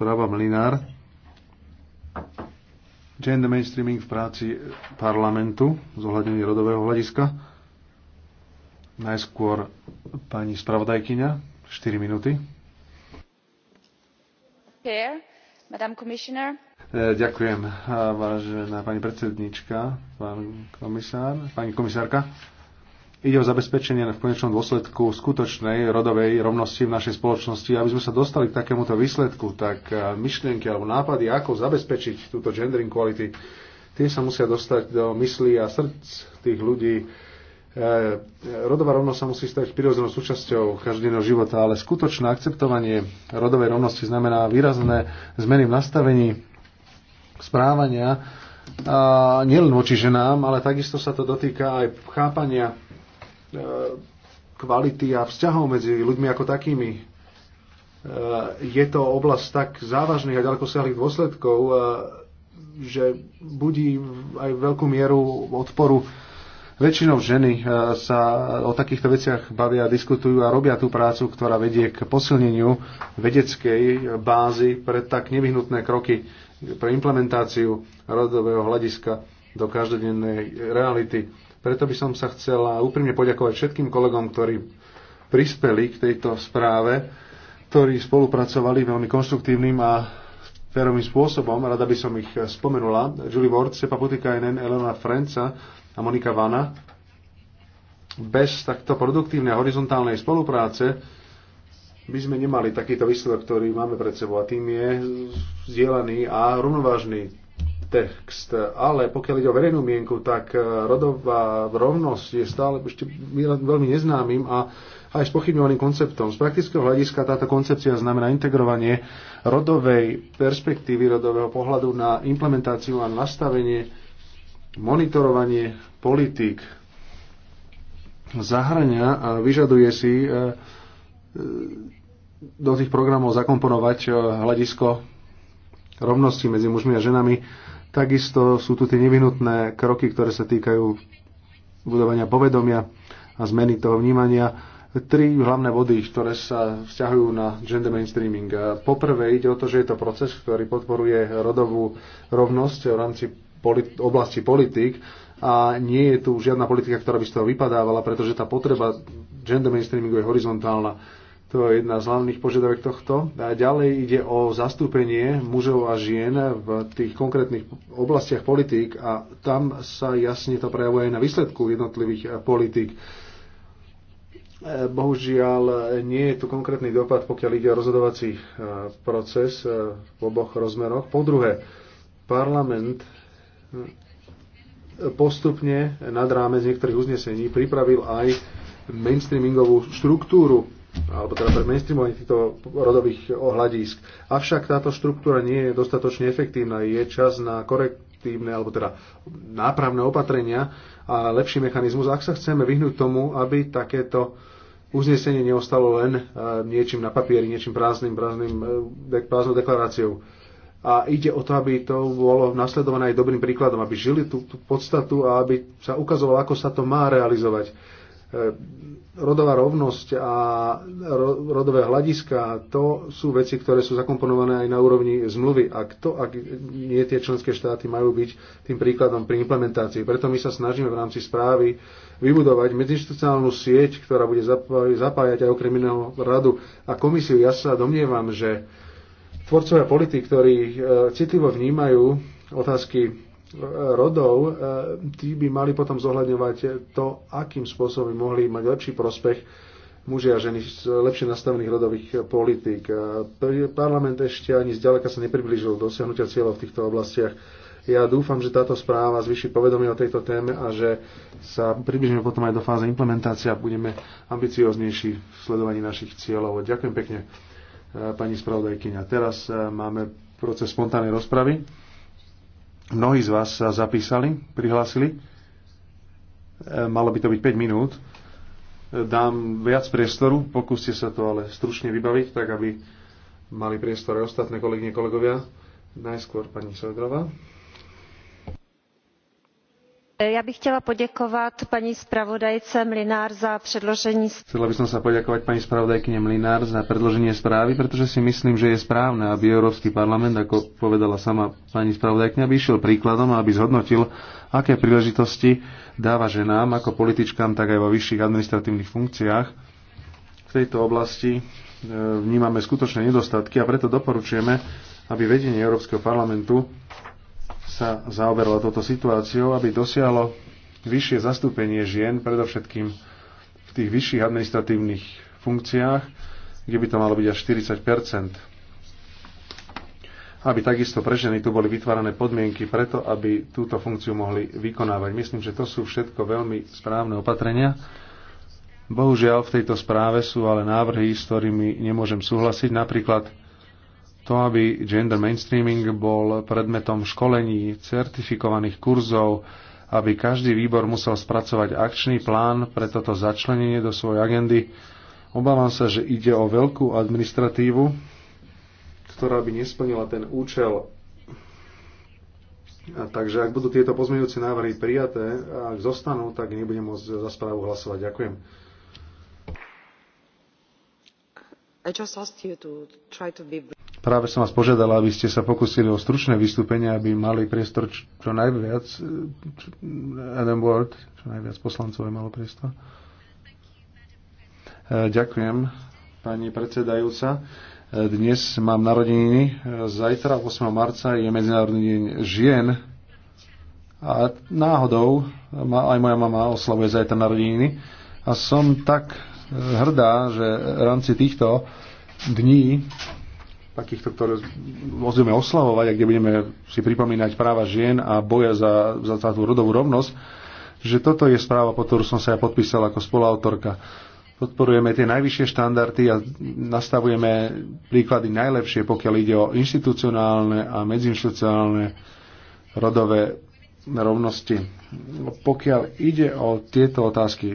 Správa Mlinár. Gender mainstreaming v práci parlamentu, zohľadnenie rodového hľadiska. Najskôr pani spravodajkyňa, 4 minúty. Commissioner. E, ďakujem, vážená pani predsednička, pán komisár, pani komisárka Ide o zabezpečenie v konečnom dôsledku skutočnej rodovej rovnosti v našej spoločnosti. Aby sme sa dostali k takémuto výsledku, tak e, myšlienky alebo nápady, ako zabezpečiť túto gender equality, tie sa musia dostať do mysli a srdc tých ľudí. E, rodová rovnosť sa musí stať prirodzenou súčasťou každodenného života, ale skutočné akceptovanie rodovej rovnosti znamená výrazné zmeny v nastavení správania, a nielen voči ženám, ale takisto sa to dotýka aj chápania E, kvality a vzťahov medzi ľuďmi ako takými. E, je to oblasť tak závažných a ďaleko siahlých dôsledkov, e, že budí aj veľkú mieru odporu. Väčšinou ženy sa o takýchto veciach bavia, diskutujú a robia tú prácu, ktorá vedie k posilneniu vedeckej bázy pre tak nevyhnutné kroky pre implementáciu rodového hľadiska do každodennej reality preto by som sa chcela úprimne poďakovať všetkým kolegom, ktorí prispeli k tejto správe, ktorí spolupracovali veľmi konstruktívnym a férovým spôsobom. Rada by som ich spomenula. Julie Ward, Sepa Putikainen, Elena Frenca a Monika Vana. Bez takto produktívnej horizontálnej spolupráce by sme nemali takýto výsledok, ktorý máme pred sebou a tým je zdieľaný a rovnovážny text. Ale pokiaľ ide o verejnú mienku, tak eh, rodová rovnosť je stále ešte veľmi neznámym a aj pochybňovaným konceptom. Z praktického hľadiska táto koncepcia znamená integrovanie rodovej perspektívy, rodového pohľadu na implementáciu a nastavenie, monitorovanie politík. Zahrania a eh, vyžaduje si eh, do tých programov zakomponovať hľadisko rovnosti medzi mužmi a ženami. Takisto sú tu tie nevyhnutné kroky, ktoré sa týkajú budovania povedomia a zmeny toho vnímania. Tri hlavné body, ktoré sa vzťahujú na gender mainstreaming. Poprvé ide o to, že je to proces, ktorý podporuje rodovú rovnosť v rámci polit- oblasti politik a nie je tu žiadna politika, ktorá by z toho vypadávala, pretože tá potreba gender mainstreamingu je horizontálna to je jedna z hlavných požiadavek tohto. A ďalej ide o zastúpenie mužov a žien v tých konkrétnych oblastiach politík a tam sa jasne to prejavuje aj na výsledku jednotlivých eh, politík. Eh, bohužiaľ, eh, nie je tu konkrétny dopad, pokiaľ ide o rozhodovací proces v oboch rozmeroch. Po druhé, parlament postupne nad rámec niektorých uznesení pripravil aj mainstreamingovú štruktúru alebo teda pre mainstreamovanie týchto rodových ohľadísk. Avšak táto štruktúra nie je dostatočne efektívna. Je čas na korektívne, alebo teda nápravné opatrenia a lepší mechanizmus, ak sa chceme vyhnúť tomu, aby takéto uznesenie neostalo len eh, niečím na papieri, niečím prázdnym, prázdnym, eh, prázdnou deklaráciou. A ide o to, aby to bolo nasledované aj dobrým príkladom, aby žili tú, tú podstatu a aby sa ukazovalo, ako sa to má realizovať E, rodová rovnosť a rodové hľadiska, to sú veci, ktoré sú zakomponované aj na úrovni zmluvy. A to, ak nie tie členské štáty majú byť tým príkladom pri implementácii. Preto my sa snažíme v rámci správy vybudovať medzinstitucionálnu sieť, ktorá bude zapájať aj okrem iného radu a komisiu. Ja sa domnievam, že tvorcovia politik, ktorí e, citlivo vnímajú otázky rodov, e, tí by mali potom zohľadňovať to, akým spôsobom mohli mať lepší prospech muži a ženy z lepšie nastavených rodových politík. E, parlament ešte ani zďaleka sa nepriblížil do dosiahnutia cieľov v týchto oblastiach. Ja dúfam, že táto správa zvyši povedomie o tejto téme a že sa približíme potom aj do fáze implementácia a budeme ambicioznejší v sledovaní našich cieľov. Ďakujem pekne, e, pani spravodajkyňa. Teraz máme proces spontánnej rozpravy. Mnohí z vás sa zapísali, prihlásili. E, malo by to byť 5 minút. E, dám viac priestoru, pokúste sa to ale stručne vybaviť, tak aby mali priestor aj ostatné kolegyne, kolegovia. Najskôr pani Sodrová. E, ja by chtěla poděkovat paní spravodajce Mlinár za předložení... Chcela by som sa poďakovať pani spravodajkyne Mlinár za predloženie správy, pretože si myslím, že je správne, aby Európsky parlament, ako povedala sama pani spravodajkňa, vyšiel príkladom a aby zhodnotil, aké príležitosti dáva ženám, ako političkám, tak aj vo vyšších administratívnych funkciách. V tejto oblasti e, vnímame skutočné nedostatky a preto doporučujeme, aby vedenie Európskeho parlamentu sa zaoberalo touto situáciou, aby dosiahlo vyššie zastúpenie žien, predovšetkým v tých vyšších administratívnych funkciách, kde by to malo byť až 40 aby takisto pre ženy tu boli vytvárané podmienky preto, aby túto funkciu mohli vykonávať. Myslím, že to sú všetko veľmi správne opatrenia. Bohužiaľ, v tejto správe sú ale návrhy, s ktorými nemôžem súhlasiť. Napríklad to, aby gender mainstreaming bol predmetom školení, certifikovaných kurzov, aby každý výbor musel spracovať akčný plán pre toto začlenenie do svojej agendy. Obávam sa, že ide o veľkú administratívu, ktorá by nesplnila ten účel. A takže ak budú tieto pozmeňujúce návrhy prijaté, a ak zostanú, tak nebudem môcť za správu hlasovať. Ďakujem. I just asked you to try to be Práve som vás požiadala, aby ste sa pokusili o stručné vystúpenie, aby mali priestor čo najviac, e, Adam Ward, čo najviac poslancov je malo priestor. E, ďakujem, pani predsedajúca. E, dnes mám narodeniny. Zajtra, 8. marca, je Medzinárodný deň žien. A náhodou aj moja mama oslavuje zajtra narodeniny. A som tak hrdá, že v rámci týchto dní takýchto, ktoré môžeme oslavovať a kde budeme si pripomínať práva žien a boja za, za tú rodovú rovnosť, že toto je správa, po ktorú som sa ja podpísal ako spoluautorka. Podporujeme tie najvyššie štandardy a nastavujeme príklady najlepšie, pokiaľ ide o inštitucionálne a medziinstitucionálne rodové rovnosti. Pokiaľ ide o tieto otázky,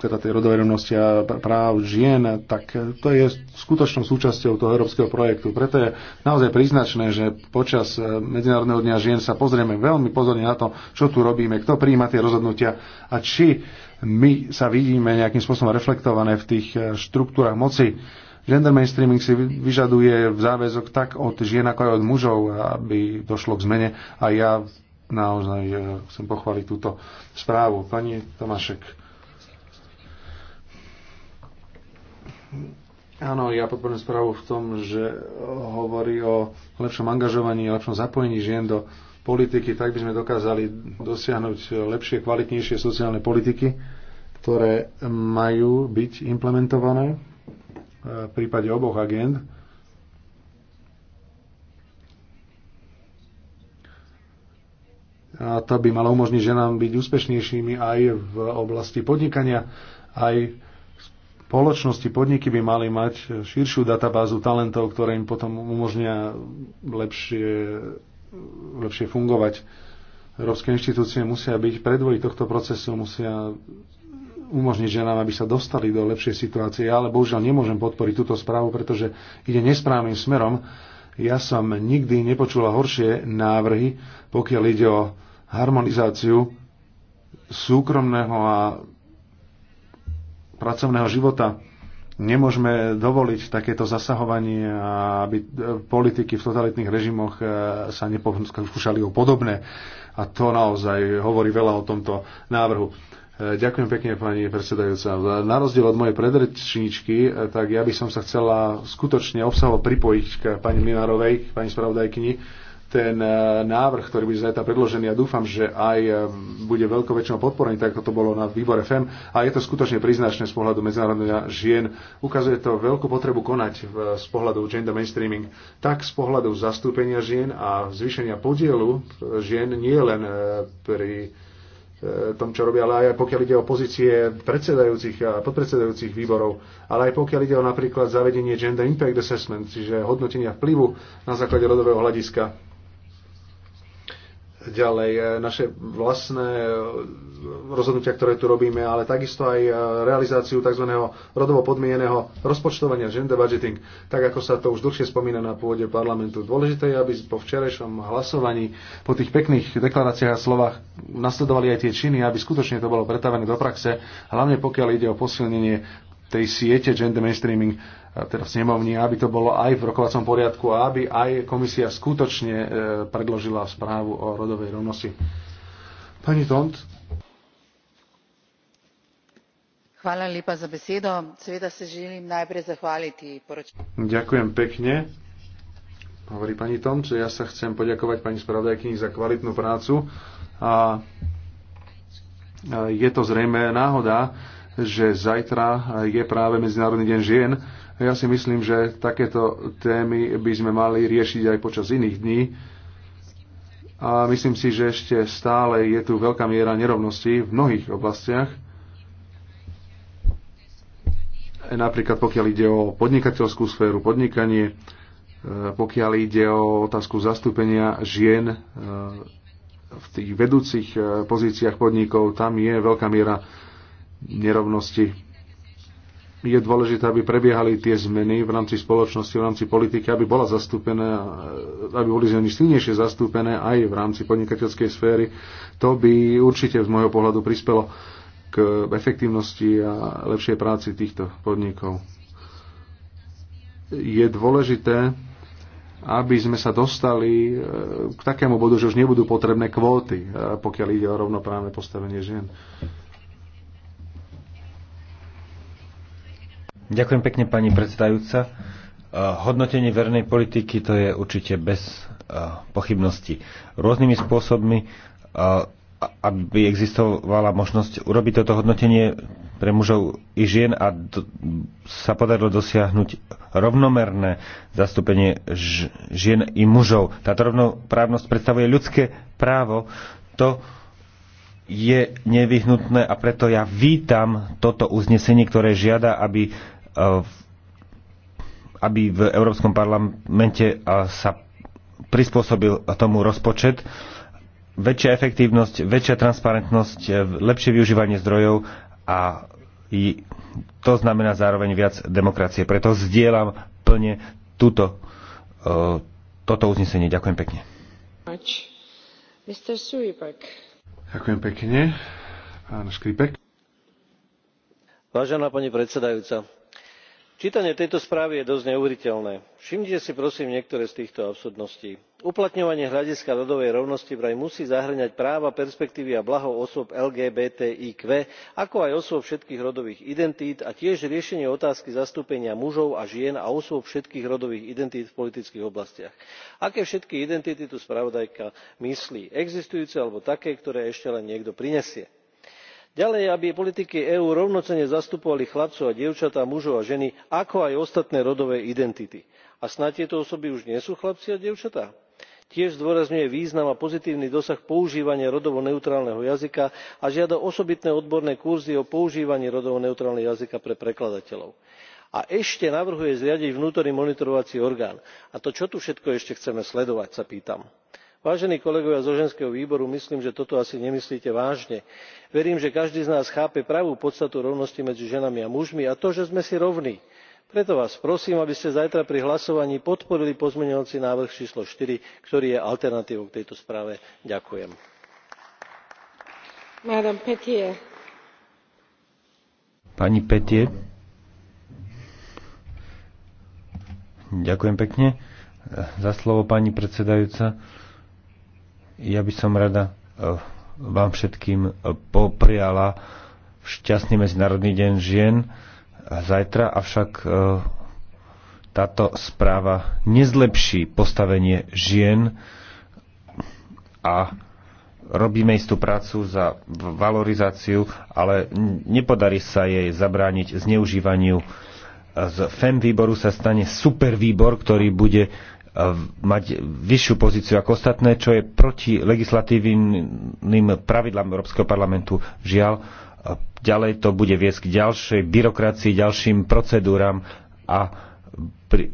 teda tej rodovej rovnosti a práv žien, tak to je skutočnou súčasťou toho európskeho projektu. Preto je naozaj príznačné, že počas e, Medzinárodného dňa žien sa pozrieme veľmi pozorne na to, čo tu robíme, kto prijíma tie rozhodnutia a či my sa vidíme nejakým spôsobom reflektované v tých e, štruktúrach moci. Gender mainstreaming si vyžaduje záväzok tak od žien, ako aj od mužov, aby došlo k zmene. A ja naozaj e, chcem pochváliť túto správu. Pani Tomášek. Áno, ja podporujem správu v tom, že hovorí o lepšom angažovaní, lepšom zapojení žien do politiky, tak by sme dokázali dosiahnuť lepšie, kvalitnejšie sociálne politiky, ktoré majú byť implementované e, v prípade oboch agent A to by malo umožniť ženám byť úspešnejšími aj v oblasti podnikania, aj spoločnosti, podniky by mali mať širšiu databázu talentov, ktoré im potom umožnia lepšie, lepšie fungovať. Európske inštitúcie musia byť predvoji tohto procesu, musia umožniť ženám, aby sa dostali do lepšej situácie. Ja ale bohužiaľ nemôžem podporiť túto správu, pretože ide nesprávnym smerom. Ja som nikdy nepočula horšie návrhy, pokiaľ ide o harmonizáciu súkromného a pracovného života. Nemôžeme dovoliť takéto zasahovanie, aby politiky v totalitných režimoch e, sa nepokúšali o podobné. A to naozaj hovorí veľa o tomto návrhu. E, ďakujem pekne, pani predsedajúca. Na rozdiel od mojej predrečníčky, e, tak ja by som sa chcela skutočne obsahovo pripojiť k pani Minárovej, k pani spravodajkyni ten e, návrh, ktorý bude zajtra predložený a ja dúfam, že aj e, bude veľkou väčšinou podporený, tak ako to bolo na výbore FEM. A je to skutočne príznačné z pohľadu medzinárodných žien. Ukazuje to veľkú potrebu konať z pohľadu gender mainstreaming, tak z pohľadu zastúpenia žien a zvýšenia podielu e, žien nie len pri tom, čo robia, ale aj pokiaľ ide o pozície predsedajúcich a podpredsedajúcich výborov, ale aj pokiaľ ide o napríklad zavedenie Gender Impact Assessment, čiže hodnotenia vplyvu na základe rodového hľadiska ďalej e, naše vlastné e, rozhodnutia, ktoré tu robíme, ale takisto aj e, realizáciu tzv. rodovo podmieneného rozpočtovania, gender budgeting, tak ako sa to už dlhšie spomína na pôde parlamentu. Dôležité je, aby po včerajšom hlasovaní, po tých pekných deklaráciách a slovách nasledovali aj tie činy, aby skutočne to bolo pretavené do praxe, hlavne pokiaľ ide o posilnenie tej siete gender mainstreaming teda snemovni, aby to bolo aj v rokovacom poriadku a aby aj komisia skutočne e, predložila správu o rodovej rovnosti. Pani Tont. Hvala lepa za besedo. Seveda se želim najprej zahvaliti poročitelju. Ďakujem pekne. Hovorí pani Tomč, ja sa chcem poďakovať pani spravodajkyni za kvalitnú prácu a je to zrejme náhoda, že zajtra je práve Medzinárodný deň žien ja si myslím, že takéto témy by sme mali riešiť aj počas iných dní. A myslím si, že ešte stále je tu veľká miera nerovnosti v mnohých oblastiach. Napríklad pokiaľ ide o podnikateľskú sféru, podnikanie, e, pokiaľ ide o otázku zastúpenia žien e, v tých vedúcich e, pozíciách podnikov, tam je veľká miera nerovnosti je dôležité, aby prebiehali tie zmeny v rámci spoločnosti, v rámci politiky, aby bola zastúpené, aby boli zmeny silnejšie zastúpené aj v rámci podnikateľskej sféry. To by určite z môjho pohľadu prispelo k efektívnosti a lepšej práci týchto podnikov. Je dôležité, aby sme sa dostali eh, k takému bodu, že už nebudú potrebné kvóty, eh, pokiaľ ide o rovnoprávne postavenie žien. Ďakujem pekne, pani predsedajúca. E, hodnotenie vernej politiky to je určite bez e, pochybností. Rôznymi spôsobmi, e, aby existovala možnosť urobiť toto hodnotenie pre mužov i žien a sa podarilo dosiahnuť rovnomerné zastúpenie žien i mužov. Táto rovnoprávnosť predstavuje ľudské právo. To je nevyhnutné a preto ja vítam toto uznesenie, ktoré žiada, aby Eh, aby v Európskom parlamente eh, sa prispôsobil tomu rozpočet. Väčšia efektívnosť, väčšia transparentnosť, eh, lepšie využívanie zdrojov a to znamená zároveň viac demokracie. Preto zdieľam plne túto, toto uznesenie. Ďakujem pekne. Ďakujem pekne. Pán Škripek. Vážená pani predsedajúca, čítanie tejto správy je dosť neuveriteľné. všimnite si prosím niektoré z týchto absurdností uplatňovanie hľadiska rodovej rovnosti vraj musí zahŕňať práva perspektívy a blaho osôb lgbtiq ako aj osôb všetkých rodových identít a tiež riešenie otázky zastúpenia mužov a žien a osôb všetkých rodových identít v politických oblastiach. aké všetky identity tu spravodajka myslí existujúce alebo také ktoré ešte len niekto prinesie? ďalej aby politiky eú rovnocenne zastupovali chlapcov a dievčatá mužov a ženy ako aj ostatné rodové identity. a snáď tieto osoby už nie sú chlapci a dievčatá? tiež zdôrazňuje význam a pozitívny dosah používania rodovo neutrálneho jazyka a žiada osobitné odborné kurzy o používaní rodovo neutrálneho jazyka pre prekladateľov. a ešte navrhuje zriadiť vnútorný monitorovací orgán. a to čo tu všetko ešte chceme sledovať sa pýtam? vážení kolegovia zo ženského výboru myslím že toto asi nemyslíte vážne. verím že každý z nás chápe pravú podstatu rovnosti medzi ženami a mužmi a to že sme si rovní. preto vás prosím aby ste zajtra pri hlasovaní podporili pozmeňujúci návrh číslo four ktorý je alternatívou k tejto správe. ďakujem. Ďakujem pekne za slovo, pani predsedajúca. Ja by som rada eh, vám všetkým eh, popriala šťastný Medzinárodný deň žien zajtra, avšak eh, táto správa nezlepší postavenie žien a robíme istú prácu za valorizáciu, ale nepodarí sa jej zabrániť zneužívaniu. Z FEM výboru sa stane super výbor, ktorý bude Eh, mať vyššiu pozíciu ako ostatné, čo je proti legislatívnym pravidlám Európskeho parlamentu. Žiaľ, eh, ďalej to bude viesť k ďalšej byrokracii, ďalším procedúram a pri,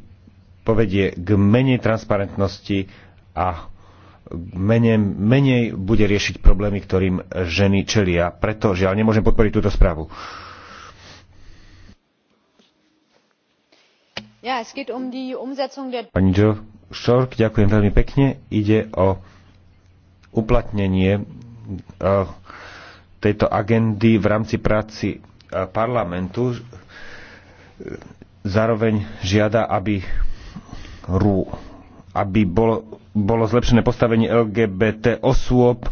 povedie k menej transparentnosti a menej, menej bude riešiť problémy, ktorým ženy čelia. Preto žiaľ nemôžem podporiť túto správu. Um Pani Jo Šork, ďakujem veľmi pekne. Ide o uplatnenie e, tejto agendy v rámci práci e, parlamentu. Zároveň žiada, aby RÚ aby bolo, bolo zlepšené postavenie LGBT osôb,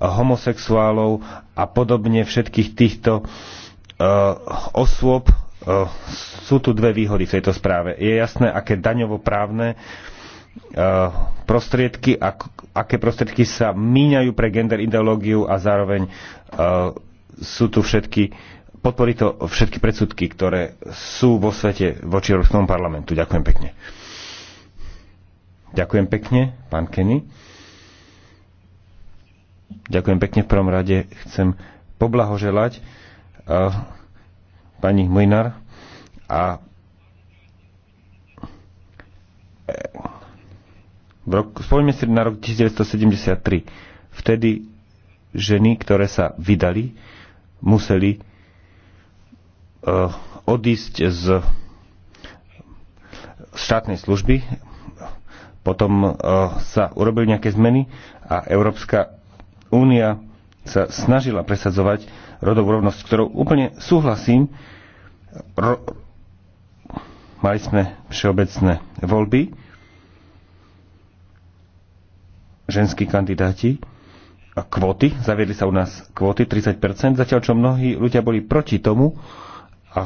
homosexuálov a podobne všetkých týchto e, osôb sú tu dve výhody v tejto správe. Je jasné, aké daňovo-právne e, prostriedky, aké prostriedky sa míňajú pre gender ideológiu a zároveň e, sú tu všetky podporí to všetky predsudky, ktoré sú vo svete voči Európskom parlamentu. Ďakujem pekne. Ďakujem pekne, pán Kenny. Ďakujem pekne v prvom rade. Chcem poblahoželať e, pani Mlinar a e, v roku, si na rok 1973. Vtedy ženy, ktoré sa vydali, museli uh, odísť z štátnej služby, potom uh, sa urobili nejaké zmeny a Európska únia sa snažila presadzovať rodovú rovnosť, ktorou úplne súhlasím. Ro- mali sme všeobecné voľby, ženskí kandidáti a kvóty, zaviedli sa u nás kvóty 30%, zatiaľ čo mnohí ľudia boli proti tomu a, a,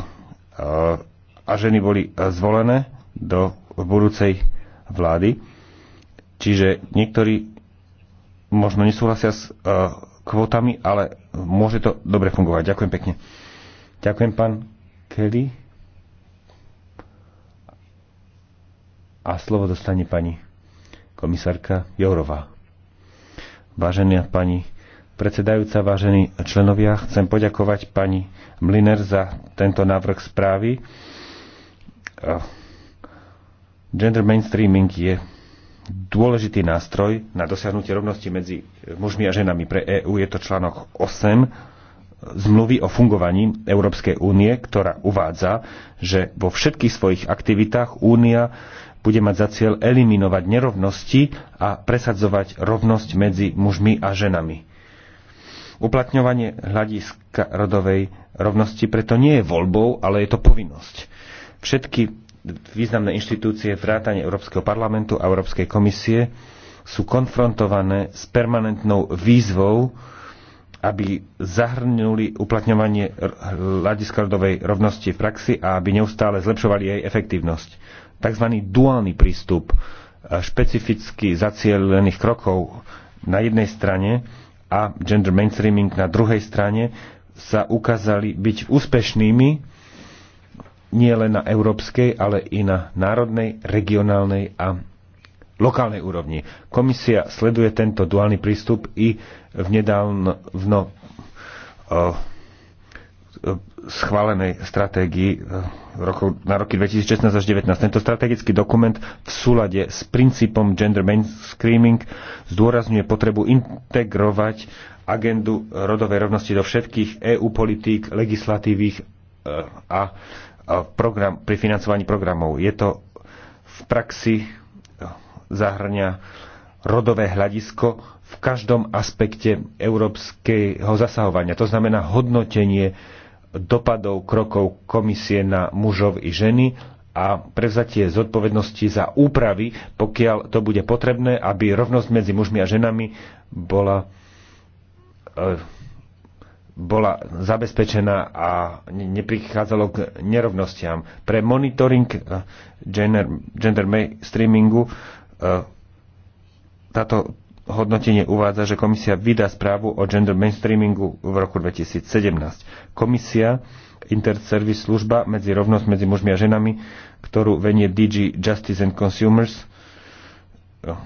a ženy boli zvolené do budúcej vlády. Čiže niektorí možno nesúhlasia s kvotami, ale môže to dobre fungovať. Ďakujem pekne. Ďakujem, pán Kelly. A slovo dostane pani komisárka Jourová. Vážená pani predsedajúca, vážení členovia, chcem poďakovať pani Mliner za tento návrh správy. Gender mainstreaming je dôležitý nástroj na dosiahnutie rovnosti medzi mužmi a ženami pre EÚ. Je to článok 8 zmluvy o fungovaní Európskej únie, ktorá uvádza, že vo všetkých svojich aktivitách únia bude mať za cieľ eliminovať nerovnosti a presadzovať rovnosť medzi mužmi a ženami. Uplatňovanie hľadiska rodovej rovnosti preto nie je voľbou, ale je to povinnosť. Všetky významné inštitúcie vrátane Európskeho parlamentu a Európskej komisie sú konfrontované s permanentnou výzvou, aby zahrnuli uplatňovanie hľadiska rodovej rovnosti v praxi a aby neustále zlepšovali jej efektívnosť. Takzvaný duálny prístup špecificky zacielených krokov na jednej strane a gender mainstreaming na druhej strane sa ukázali byť úspešnými nie len na európskej, ale i na národnej, regionálnej a lokálnej úrovni. Komisia sleduje tento duálny prístup i v nedávno schválenej stratégii e, roku, na roky 2016 až 2019. Tento strategický dokument v súlade s princípom gender mainstreaming zdôrazňuje potrebu integrovať agendu rodovej rovnosti do všetkých EU politík, legislatívnych e, a program, pri financovaní programov. Je to v praxi zahrňa rodové hľadisko v každom aspekte európskeho zasahovania. To znamená hodnotenie dopadov krokov komisie na mužov i ženy a prevzatie zodpovednosti za úpravy, pokiaľ to bude potrebné, aby rovnosť medzi mužmi a ženami bola e, bola zabezpečená a neprichádzalo k nerovnostiam. Pre monitoring eh, gender, gender mainstreamingu eh, táto hodnotenie uvádza, že komisia vydá správu o gender mainstreamingu v roku 2017. Komisia Interservice služba medzi rovnosť medzi mužmi a ženami, ktorú venie DG Justice and Consumers eh,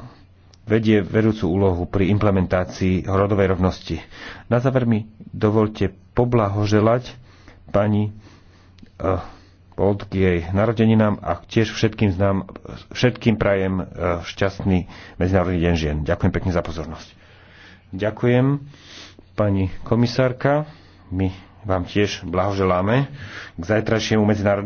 vedie vedúcu úlohu pri implementácii rodovej rovnosti. Na záver mi dovolte poblahoželať pani uh, k jej narodeninám a tiež všetkým, znám, všetkým prajem uh, šťastný Medzinárodný deň žien. Ďakujem pekne za pozornosť. Ďakujem, pani komisárka. My vám tiež blahoželáme k zajtrajšiemu medzinárodnému